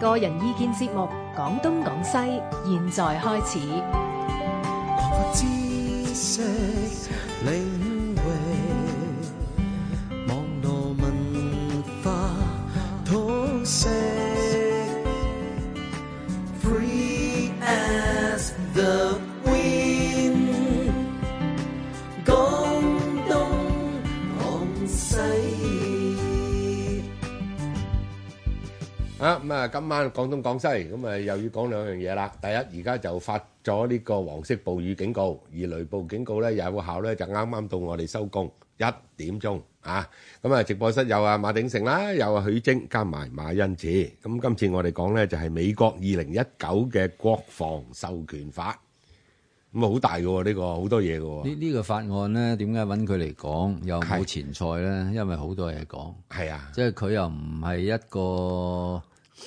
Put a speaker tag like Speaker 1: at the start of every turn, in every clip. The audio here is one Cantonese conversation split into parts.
Speaker 1: 個人意見節目，廣東廣西，現在開始。
Speaker 2: 啊！今晚廣東廣西咁啊，又要講兩樣嘢啦。第一，而家就發咗呢個黃色暴雨警告，而雷暴警告咧有效咧，就啱啱到我哋收工一點鐘啊！咁啊，直播室有啊馬鼎盛啦，有啊許楨，加埋馬恩賜。咁今次我哋講咧就係美國二零一九嘅國防授權法，咁啊好大嘅呢個
Speaker 1: 好多嘢嘅。呢呢個法案咧，點解揾佢嚟講又冇前菜咧？因為好多嘢講。係啊，即係佢又唔係一個。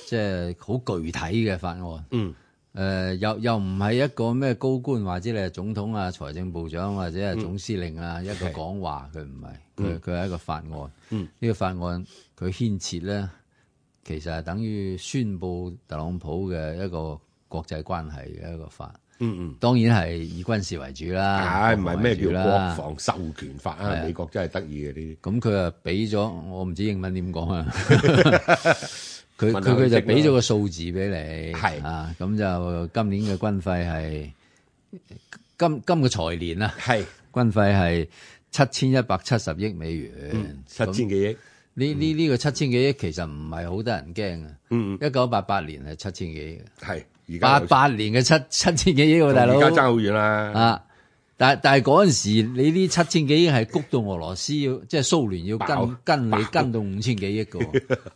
Speaker 1: 即係好具體嘅法案，嗯，誒、呃，又又唔係一個咩高官，或者你係總統啊、財政部長或者係總司令啊，嗯、一個講話佢唔係，佢佢係一個法案，嗯，呢、這個法案佢牽涉咧，其實係等於宣布特朗普嘅一個國際關係嘅一個法，嗯嗯，當然係以軍事為主啦，係唔係咩叫國防授權法啊？美國真係得意嘅呢啲，咁佢啊俾咗我唔知英文點講啊。 佢佢佢就俾咗個數字俾你，係啊，咁就今年嘅軍費係今今個財年啦、啊，係軍費係七千一百七十億美元，嗯，七千幾億。呢呢呢個七千幾億其實唔係好得人驚啊。嗯，嗯，一九八八年係七千幾億，億係而家八八年嘅七七千幾億，啊，個大佬，而家爭好遠啦。啊但係但係嗰陣時，你呢七千幾億係谷到俄羅斯要，即係蘇聯要跟跟你跟到五千幾億，個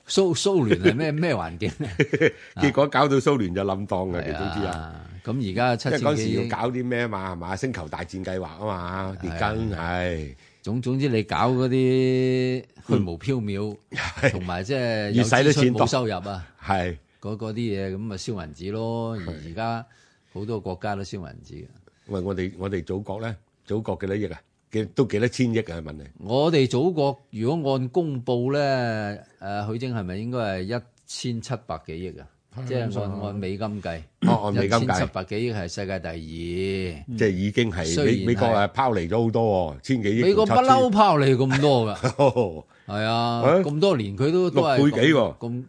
Speaker 1: 蘇蘇聯係咩咩
Speaker 2: 環境咧？結果搞到蘇聯就冧檔嘅，你都知啦。咁而家七千，因為嗰陣時要搞啲咩嘛？係嘛，星球大戰計劃啊嘛？別跟係，總總之你搞嗰啲虛無
Speaker 1: 縹緲，同埋即係要使咗錢冇收入啊，係嗰嗰啲嘢，咁啊燒銀紙咯。啊、而而家好多國家都燒銀紙
Speaker 2: 喂，我哋我哋祖國咧，
Speaker 1: 祖國幾多億啊？幾
Speaker 2: 都幾多千億啊？
Speaker 1: 問你，我哋祖國如果按公佈咧，誒、啊，許楨係咪應該係一千七百幾億啊？即係按，按美金計，一千七百幾億係世界第二，嗯、即係已經係。美國係拋離咗好多、啊，千幾億。美國不嬲拋離咁多㗎，係、 哦、啊，咁、啊、多年佢都，都六倍幾喎、啊，咁。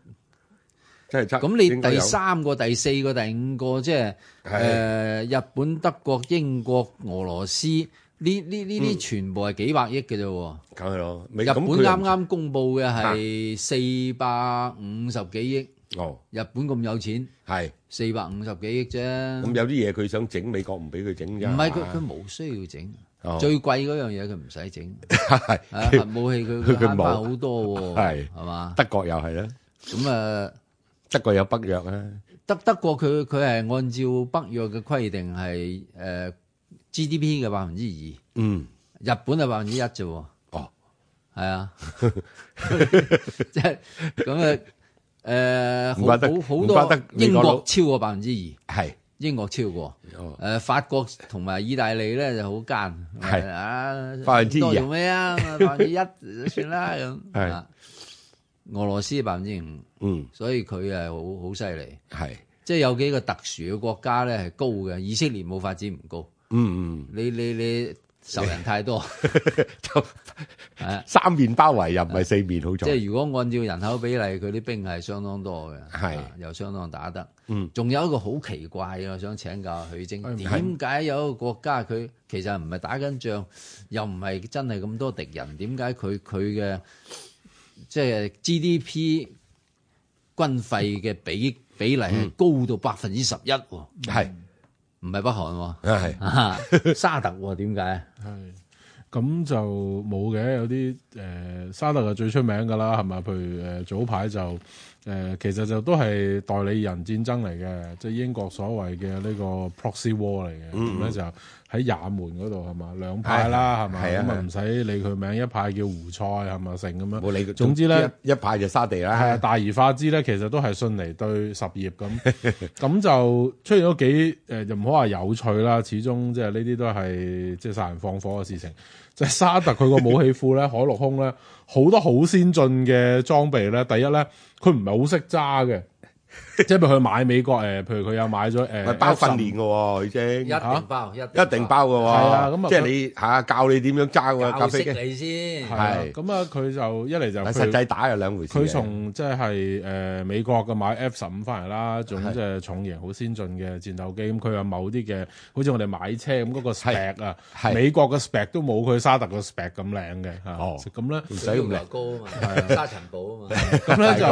Speaker 1: 咁你第三個、第四個、第五個，即係誒日本、德國、英國、俄羅斯呢？呢呢啲全部係幾百億嘅啫喎。梗係咯，日本啱啱公布嘅係四百五十幾億。哦，日本咁有錢，係四百五十幾億啫。咁有
Speaker 2: 啲嘢佢想整，美國唔俾佢整。唔係佢佢
Speaker 1: 冇需要整，最貴嗰樣嘢佢唔使整。核武器佢佢佢冇好多喎。係係嘛？德國又係啦。咁啊～德國有北約咧，德德國佢佢係按照北約嘅規定係誒、呃、GDP 嘅百分之二，
Speaker 2: 嗯，
Speaker 1: 日本係百分之一啫，哦，係啊，即係咁啊，誒、呃，好好得多英國，超過百分之二，係，英國超過，誒、哦呃，法國同埋意大利咧就好奸，係啊，百分之二咩 啊，百分之一算啦咁，係。嗯俄羅斯百分之五，嗯，所以佢係好好犀利，係，即係有幾個特殊嘅國家咧係高嘅，以色列冇發展唔高，嗯，
Speaker 2: 嗯，
Speaker 1: 你你你仇人太多，就係啊，
Speaker 2: 三面包圍又唔係四面好重，即係如果
Speaker 1: 按照人口比例，佢啲兵係相當多嘅，係，又相當打得，嗯，仲有一個好奇怪嘅，我想請教許楨。點解有一個國家佢其實唔係打緊仗，又唔係真係咁多敵人，點解佢佢嘅？他的即係 GDP 軍費嘅比比例係高
Speaker 2: 到百分之十
Speaker 1: 一喎，係唔係北韓
Speaker 2: 喎？啊係，沙特喎？點解啊？係咁 就冇嘅，有啲誒沙特係最出名㗎啦，係咪？譬如誒早排就。誒、呃，其實就都係代理人戰爭嚟嘅，即、就、係、是、英國所謂嘅呢個 proxy war 嚟嘅。咁、嗯、咧就喺也門嗰度係嘛，兩派啦係嘛，咁、哎、啊唔使、啊、理佢名，一派叫胡塞係咪成咁樣？冇理佢。總之咧，一派就沙地啦、啊啊。大而化之咧，其實都係遜尼對什葉咁咁就出現咗幾誒，唔、呃、好話有趣啦。始終即係呢啲都係即係殺人放火嘅事情。就沙特佢個武器庫咧， 海陸空咧，好多好先進嘅裝備咧。第一咧，佢唔係好識揸嘅。即係佢去買美國？誒，譬如佢又買咗誒，包訓練嘅喎、啊，宇、就是、一定包，啊、一定包嘅喎、啊啊，啊，咁即係你嚇教你點樣揸嘅？教識你先係，咁啊，佢、啊啊嗯、就一嚟就實際打又兩回事。佢從即係誒美國嘅買 F 十五翻嚟啦，仲即係重型好先進嘅戰鬥機。咁佢、啊、有某啲嘅，好似我哋買車咁嗰個 Spec 啊，啊，美國嘅 Spec 都冇佢沙特嘅 Spec 咁靚嘅。咁咧唔使咁高啊嘛，沙塵暴啊嘛，咁咧就誒，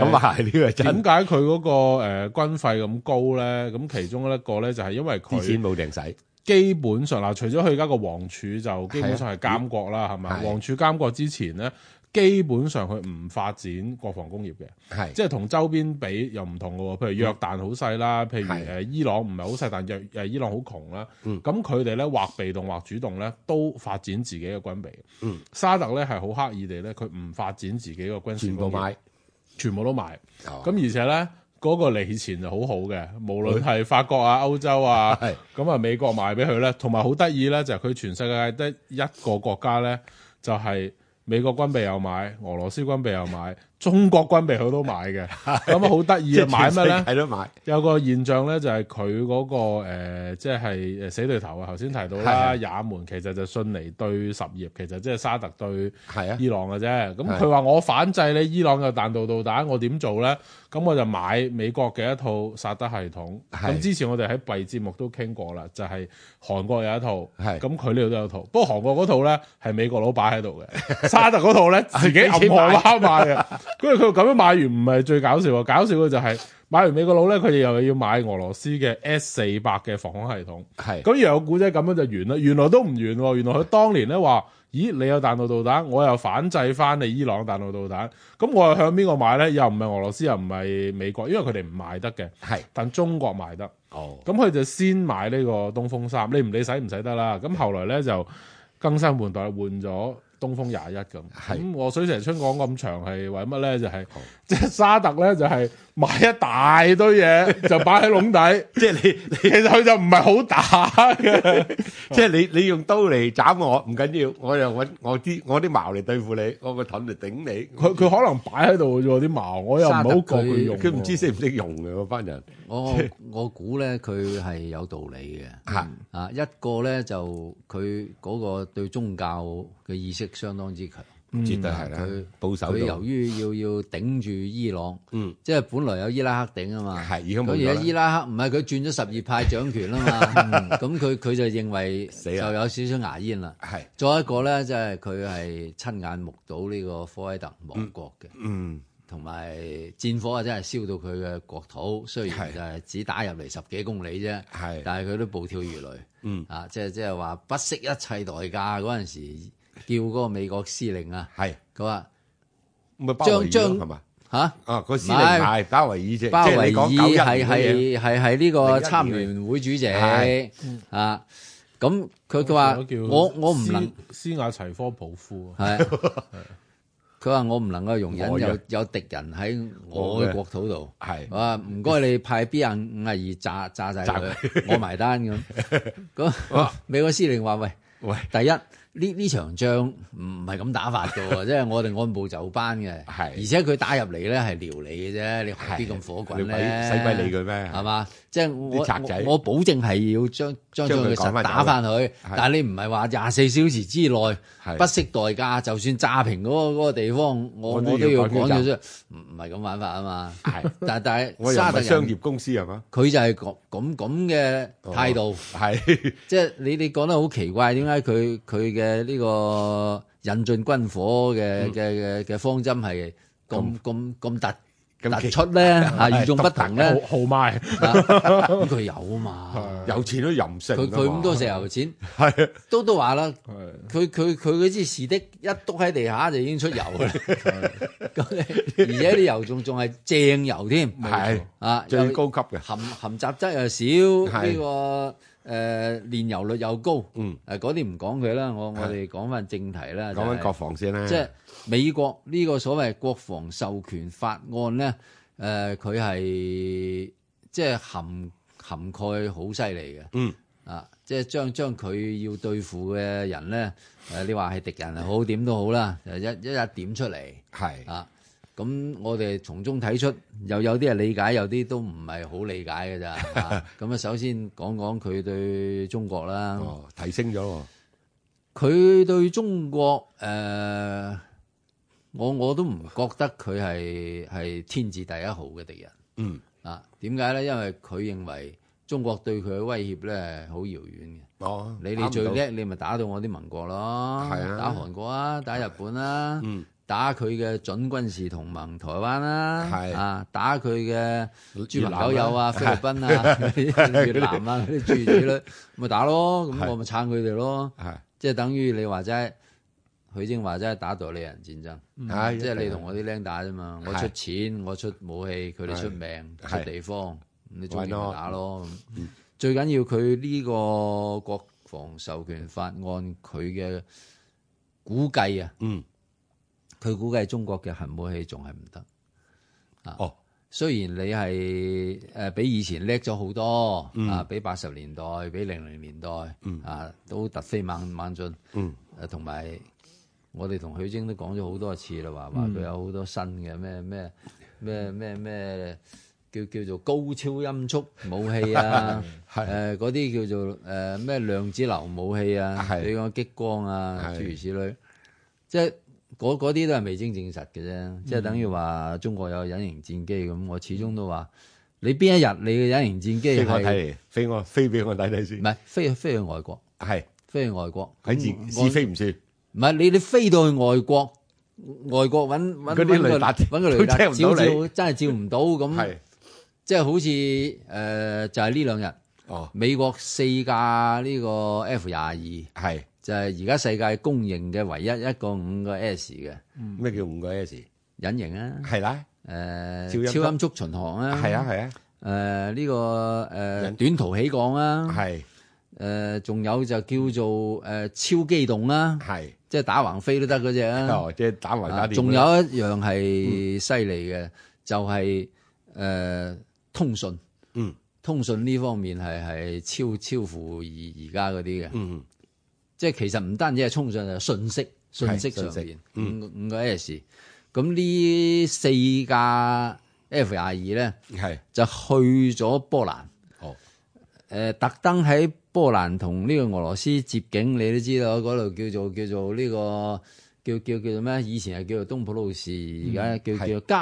Speaker 2: 咁啊係呢個真。點解？佢嗰個誒軍費咁高咧，咁其中一個咧就係因為佢錢冇定使，基本上啦，除咗佢而家個王儲就基本上係監國啦，係咪？王儲監國之前咧，基本上佢唔發展國防工業嘅，係即係同周邊比又唔同噶喎，譬如約旦好細啦，譬如誒伊朗唔係好細，但係誒伊朗好窮啦，咁佢哋咧或被動或主動咧都發展自己嘅軍備，嗯，沙特咧係好刻意地咧，佢唔發展自己嘅軍事工業。全部買。全部都賣，咁而且呢，嗰、那個利錢就好好嘅，無論係法國啊、歐洲啊，咁啊美國賣俾佢呢，同埋好得意呢，就係佢全世界得一個國家呢，就係美國軍備又買，俄羅斯軍備又買。中國軍備佢都買嘅，咁啊好得意啊！買乜咧？睇都買有個現象咧、那個呃，就係佢嗰個即係死對頭啊！頭先提到啦，也門其實就遜尼對什葉其實即係沙特對伊朗嘅啫。咁佢話我反制你伊朗嘅彈道導彈，我點做咧？咁我就買美國嘅一套薩德系統。咁之前我哋喺幣節目都傾過啦，就係、是、韓國有一套，咁佢呢度都有套。不過韓國嗰套咧係美國老闆擺喺度嘅，沙特嗰套咧 自己暗河媽買嘅。買 跟住佢咁樣買完唔係最搞笑，搞笑嘅就係買完美國佬咧，佢哋又要買俄羅斯嘅 S 四百嘅防空系統。係咁嘅故仔，咁樣就完啦。原來都唔完，原來佢當年咧話：咦，你有彈道導彈，我又反制翻你伊朗彈道導彈。咁我又向邊個買咧？又唔係俄羅斯，又唔係美國，因為佢哋唔賣得嘅。係，但中國賣得。哦，咁佢就先買呢個東風三，你唔理使唔使得啦？咁後來咧就更新換代換咗。東風廿一咁，咁我水蛇春講咁長係為乜咧？就係即係沙特咧，就係買一大堆嘢就擺喺籠底，即 係你佢就唔係好打嘅，即 你你用刀嚟斬我唔緊要，我又我啲我啲矛嚟對付你，我個盾嚟頂你。佢 佢可能擺喺度嘅啫，啲矛我又唔好過佢用，佢唔知識唔識用嘅嗰班
Speaker 1: 人。我我估咧佢係有道理嘅，啊、 嗯、一個咧就佢嗰個對宗教嘅意識。相當之強，嗯，絕對係啦。佢
Speaker 2: 保守，佢由
Speaker 1: 於要要頂住伊朗，嗯，即係本來有伊拉克頂啊嘛，係而咁而家伊拉克唔係佢轉咗十二派掌權啦嘛，咁佢佢就認為就有少少牙煙啦。係再一個咧，即係佢係親眼目睹呢個科威特亡國嘅，嗯，同、嗯、埋戰火啊，真係燒到佢嘅國土，雖然就係只打入嚟十幾公里啫，係，但係佢都暴跳如雷，嗯，啊，即係即係話不惜一切代價嗰陣時。叫嗰個美國司令啊，係佢話，
Speaker 2: 唔係張張係嘛
Speaker 1: 吓？啊，啊司啊啊啊那個司令係巴維爾啫，即係係係係係呢個參聯會主席啊？咁佢佢話我我唔能
Speaker 2: 斯瓦齊科普夫啊，
Speaker 1: 佢話 我唔能夠容忍有有敵人喺我嘅國土度，係，我唔該你派 B 啊五啊二炸炸晒佢，我埋單咁。咁美國司令話喂喂，第一。呢呢場仗唔係係咁打法噶喎， 即係我哋按部就班嘅， 而且佢打入嚟咧係撩你嘅啫，你何必咁火滾咧？使鬼理佢咩？係嘛？即係我我，我保證係要將佢將佢打翻佢，但你唔係話廿四小時之內不惜代價，就算炸平嗰、嗰個嗰、嗰個、地方，我我都要講嘅啫。唔係係咁玩法啊嘛？係， 但係但係沙特人 我商業公司係嘛？佢就係咁咁咁嘅態度，係、哦、即係你你講得好奇怪，點解佢佢嘅？嘅呢個引進軍火嘅嘅嘅嘅方針係咁咁咁突突出咧嚇，與眾不同咧，豪豪
Speaker 2: 邁咁佢、 啊、有啊嘛，有錢都任性佢，佢咁多石
Speaker 1: 油錢，係都都話啦，佢佢佢嗰支士的一篤喺地下就已經出油啦，而且啲油仲仲係正油添，係啊，最高級嘅，含含雜質又少呢誒、呃，煉油率又高，嗯，誒、啊，嗰啲唔講佢啦，我我哋講翻正題啦，講翻國防先啦，即係美國呢個所謂國防授權法案咧，誒、呃，佢係即係涵涵蓋好犀利嘅，嗯，啊，即係將將佢要對付嘅人咧，誒、啊，你話係敵人係好點都好啦，一一點出嚟，係啊。咁我哋從中睇出，又有啲係理解，有啲都唔係好理解㗎咋。咁 啊，首先講講佢對中國啦、哦，提升咗。佢對中國誒、呃，我我都唔覺得佢係係天字第一號嘅敵人。嗯，啊，點解咧？因為佢認為中國對佢嘅威脅咧，好遙遠嘅。哦，你哋最叻，你咪打到我啲盟國咯、啊，打韓國啊，打日本啦、啊。嗯打佢嘅準軍事同盟，台灣啦、啊，啊，打佢嘅豬朋狗友啊，啊，菲律賓啊、 越南啊嗰啲柱子諸如此類咧，咪 打咯，咁我咪撐佢哋咯，即係等於你話齋，許楨話齋打代理人戰爭，嗯啊、即係你同我啲僆打啫嘛，我出錢，我出武器，佢哋出命出地方，你仲要咪打咯，嗯、最緊要佢呢個國防授權法案佢嘅估計啊，嗯。佢估計中國嘅核武器仲係唔得啊、哦！雖然你係誒、呃、比以前叻咗好多、嗯、啊，比八十年代，比零零年代、嗯、啊，都突飛猛猛進。誒同埋我哋同許楨都講咗好多次啦，話話佢有好多新嘅咩咩咩咩咩叫叫做高超音速武器啊，誒嗰啲叫做誒咩、呃、量子流武器啊，比如激光啊諸如此類，即係。嗰啲都係未經證實嘅啫，即係等於話中國有隱形戰機咁，嗯、我始終都話你邊一日你嘅隱形戰機？即刻飛我飛俾我睇睇先。唔係飛去飛去外國，係飛，飛去外國。喺自飛，飛唔算。唔係你你飛到去外國，外國揾揾揾個雷達，佢聽唔到你照照真係照唔到咁。係即係好似誒、呃、就係呢兩日，美國四架呢個 F 廿二係就係而家世界公認嘅唯一一個五個 S 嘅，咩、嗯、叫五個 S？隱形啊，係啦，誒、呃，超音速巡航啊，係啊係啊，誒呢、呃這個誒、呃、短途起降啊，係，誒、呃、仲有就叫做誒、呃、超機動啊，係，即係打橫飛都得嗰隻啊，呃、即係打橫打。仲有一樣係犀利嘅，就係、是、誒、呃、通訊，嗯，通訊呢方面係係超超乎而而家嗰啲嘅，嗯。即係其實唔單止係衝上就信息，信息上面息五五個 S，咁、嗯、呢四架 F 廿二咧，係就去咗波蘭哦，誒特登喺波蘭同呢個俄羅斯接境，你都知道嗰度叫做叫做呢、這個叫叫叫做咩？以前係叫做東普魯士，而、嗯、家叫叫加。